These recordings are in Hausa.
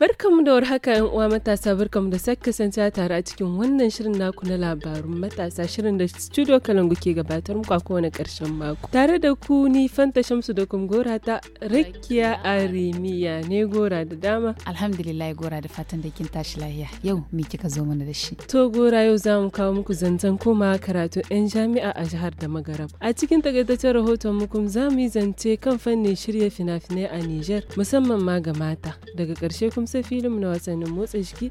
Barkanmu da warhaka ‘yan uwa matasa barkanmu da sake kasance tare a cikin wannan shirin naku na labarun matasa shirin da studio Kalangu ke gabatar muku a kowane karshen mako. Tare da ku ni Fanta Shamsu da kuma gora ta Rakiya Arimiya ne gora da dama. Alhamdulillah gora da fatan da kin tashi lahiya yau me kika zo mana da shi. To gora yau za mu kawo muku zancen koma karatu ‘yan jami'a a jihar da Magarab. A cikin takaitaccen rahoton mu kuma za mu yi zance kan fannin shirya fina-finai a Nijar musamman ma ga mata. Daga ƙarshe kuma amsa filim na wasannin motsa jiki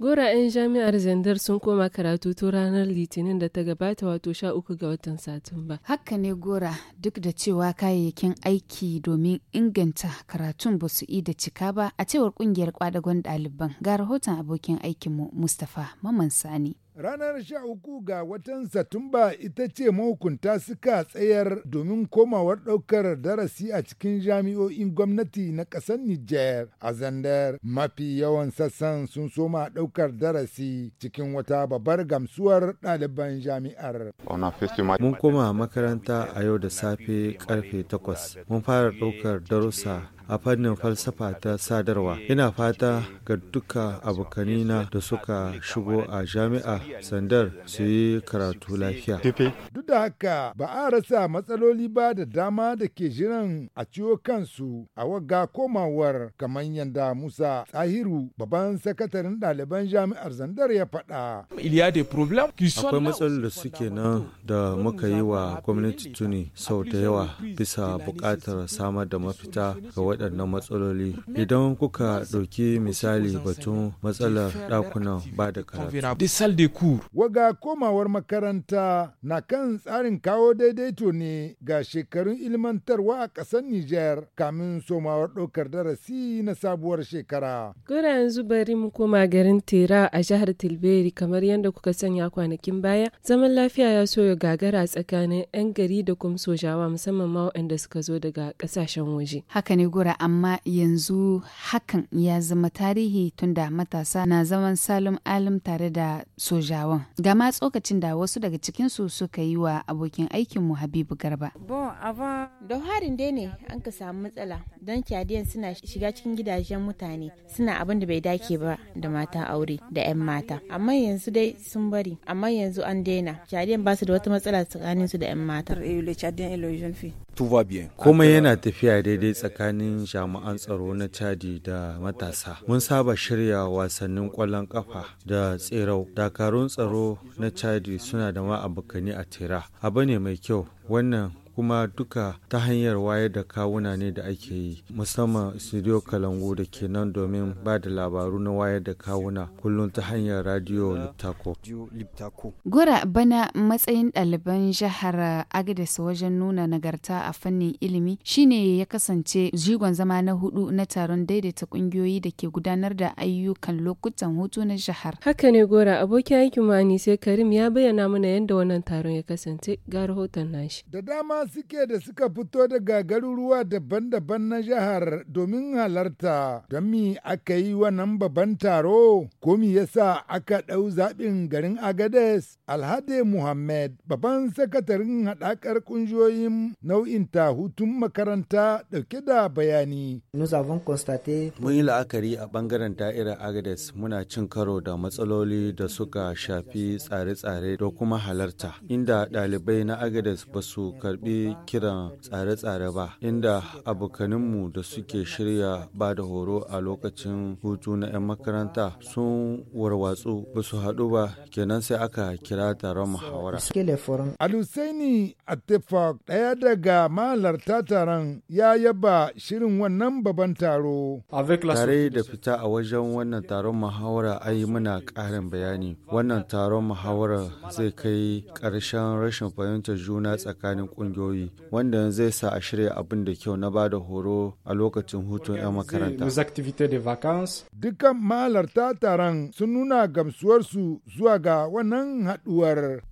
yan jami'ar Zandar sun koma karatu tun ranar Litinin da ta gabata wato 13 ga watan Satumba. Haka ne Gora duk da cewa kayayyakin aiki domin inganta karatun ba su da cika ba a cewar kungiyar kwadagon ɗaliban ga rahoton abokin aikinmu Mustapha mamansani. Ranar sha uku ga watan Satumba ita ce mahukunta suka tsayar domin komawar ɗaukar darasi a cikin jami'o'in gwamnati na ƙasar Nijar a Zandar. Mafi yawan sassan sun soma ɗaukar darasi cikin wata babbar gamsuwar ɗaliban jami'ar. Mun koma makaranta a yau da safe karfe takwas. Mun fara ɗaukar darussa a fannin falsafa ta sadarwa ina fata ga duka abokanina da suka shigo a jami'a sandar su yi karatu lafiya duk da haka ba a rasa matsaloli ba da dama da ke jiran a ciwo kansu a waga komawar kamar yadda musa tsahiru babban sakataren ɗaliban jami'ar zandar ya faɗa akwai matsalolin da suke nan da muka yi wa gwamnati tuni sau da yawa bisa buƙatar samar da mafita ga waɗannan matsaloli idan kuka ɗauki misali batun matsalar ɗakunan ba da karatu. Waga komawar makaranta na kan tsarin kawo daidaito ne ga shekarun ilmantarwa a ƙasar Nijar kamin somawar ɗaukar darasi na sabuwar shekara. Gura yanzu bari mu koma garin Tera a jihar Tilberi kamar yadda kuka sanya kwanakin baya zaman lafiya ya so ya gagara tsakanin 'yan gari da kuma sojawa musamman ma waɗanda suka zo daga ƙasashen waje. Haka ne gura shekara amma yanzu hakan ya zama tarihi tunda matasa na zaman salon alim tare da sojawan ga ma tsokacin da wasu daga cikinsu suka yi wa abokin aikinmu habibu garba bon da harin dai ne an ka samu matsala don kyadiyan suna shiga cikin gidajen mutane suna abin da bai dake ba da mata aure da 'yan mata amma yanzu dai sun bari amma yanzu an daina kyadiyan ba su da wata matsala tsakaninsu da 'yan mata tuva bien. Komai yana tafiya daidai tsakanin jami'an tsaro na Chadi da matasa. Mun saba shirya wasannin kwallon kafa da tserau. Dakarun tsaro na Chadi suna da ma'abukani a tira. Abu ne mai kyau wannan kuma duka ta hanyar wayar da kawuna ne da ake yi musamman studio kalangu da ke nan domin ba da labaru na wayar da kawuna kullum ta hanyar radio liptako gora bana matsayin ɗaliban jihar agadis wajen nuna nagarta a fannin ilimi shine ya kasance jigon zama na hudu na taron daidaita kungiyoyi da ke gudanar da ayyukan lokutan hutu na jihar haka ne gora abokin aikin mani sai karim ya bayyana mana yadda wannan taron ya kasance ga rahoton nashi da dama suke da suka fito daga garuruwa daban-daban na jihar domin halarta don mi aka yi wannan babban taro ko mi yasa aka ɗau zaɓin garin agades alhade muhammed babban sakatarin haɗakar ƙungiyoyin nau'in hutun makaranta ɗauke da bayani. mun yi la'akari a ɓangaren da'irar agades muna cin karo da matsaloli da suka shafi tsare-tsare da kuma halarta inda ɗalibai na agades ba su karɓi daɗe kiran tsare-tsare ba inda abokaninmu da suke shirya ba da horo a lokacin hutu na 'yan makaranta sun warwatsu ba su haɗu ba kenan sai aka kira taron muhawara. Alusaini Atefak ɗaya daga mahalarta taron ya yaba shirin wannan baban taro. Tare da fita a wajen wannan taron muhawara a yi muna ƙarin bayani. Wannan taron muhawara zai kai ƙarshen rashin fahimtar juna tsakanin ƙungiyoyi. kungiyoyi wanda zai sa a shirya abin da kyau na ba da horo a lokacin hutun 'yan makaranta. Dukkan mahalarta taron sun nuna gamsuwarsu zuwa ga wannan haɗuwar.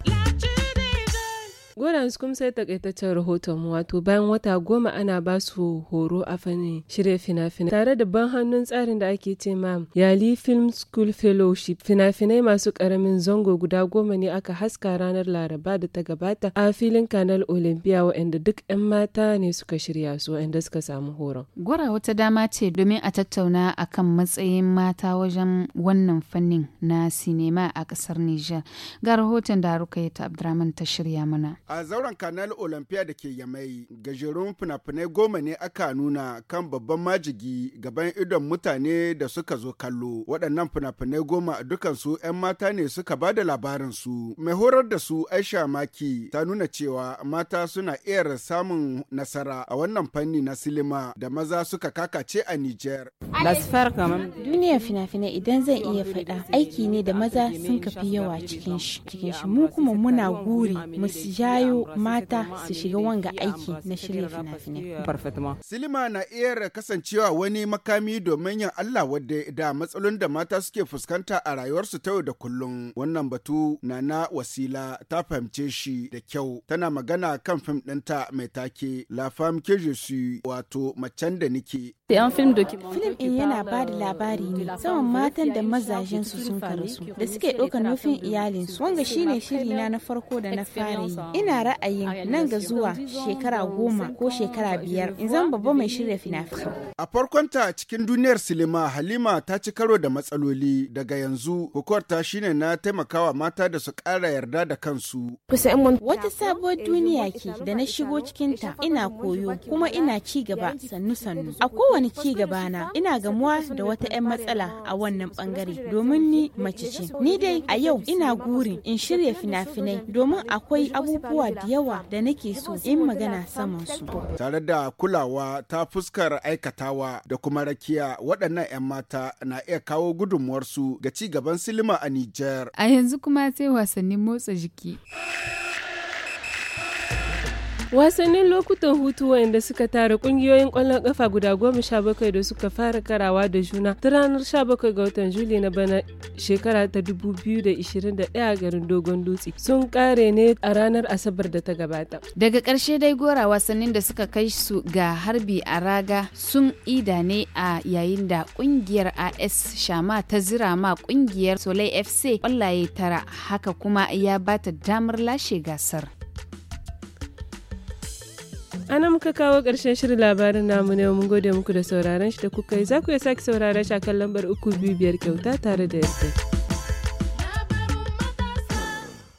su kuma sai takaitaccen rahoton wato bayan wata goma ana ba su horo a fannin shirya fina-finai tare da ban hannun tsarin da ake ce ma Yali Film School Fellowship fina-finai masu karamin zango guda goma ne aka haska ranar Laraba da ta gabata a filin Kanal Olympia waɗanda duk 'yan mata ne suka shirya su waɗanda suka samu horon. Gwara wata dama ce domin a tattauna akan matsayin mata wajen wannan fannin na sinema a ƙasar Nijar. Ga rahoton da Rukayat Abdurrahman ta shirya mana. a zauren kanal olympia da ke yamai gajerun fina-finai goma ne aka nuna kan babban majigi gaban idon mutane da suka zo kallo waɗannan fina-finai goma dukansu 'yan mata ne suka ba da labarinsu mai horar da su aisha maki ta nuna cewa mata suna iya samun nasara a wannan fanni na silima da maza suka kakace a niger duniya fina-finai idan zan iya faɗa aiki ne da maza sun kafi yawa cikin shi mu kuma muna guri mu jayo mata su shiga wanga aiki na shirya fina-finai. Silima na iya kasancewa wani makami domin yin Allah wadda da matsalolin da mata suke fuskanta a rayuwarsu ta yau da kullum. Wannan batu na na wasila ta fahimce shi da kyau. Tana magana kan fim ɗinta mai take La Femme que wato macen da nike. Film in eh, yana ba da labari euh, ne saman matan da mazajen su sun karasu da suke ɗaukar nufin iyalinsu. Wanga shine shiri na na farko da na fara yi. ina ra'ayin nan ga zuwa shekara goma ko shekara biyar in zan babba mai shirya fina finai A farkonta cikin duniyar silima Halima ta ci karo da matsaloli daga yanzu ta shine na taimakawa mata da su ƙara yarda da kansu. Wata sabuwar duniya ke da na shigo cikin ta ina koyo kuma ina ci gaba sannu-sannu. A kowane ci gaba na ina gamuwa da wata 'yan matsala a wannan bangare domin ni mace ce. Ni dai a yau ina gurin in shirya fina-finai domin akwai abubuwa abubuwa da yawa da nake so in magana saman su. Tare da kulawa ta fuskar aikatawa da kuma rakiya waɗannan 'yan mata na iya kawo gudunmuwarsu ga ci gaban silima a Nijar. A yanzu kuma sai wasannin motsa jiki. wasannin lokutan hutu wanda suka tara kungiyoyin kwallon kafa guda goma sha bakwai da suka fara karawa da juna ta ranar sha bakwai ga watan juli na bana shekara ta dubu biyu da ishirin da ɗaya garin dogon dutse sun kare ne a ranar asabar da ta gabata daga karshe dai gora wasannin da suka kai su ga harbi a raga sun ida ne a yayin da kungiyar as shama ta zira ma kungiyar soleil fc kwallaye tara haka kuma ya bata damar lashe gasar ana muka kawo ƙarshen shirin labarin namu ne mun gode muku da sauraron shi da kuka yi za ku yi sake sauraron shi a kan lambar uku biyu biyar kyauta tare da yadda.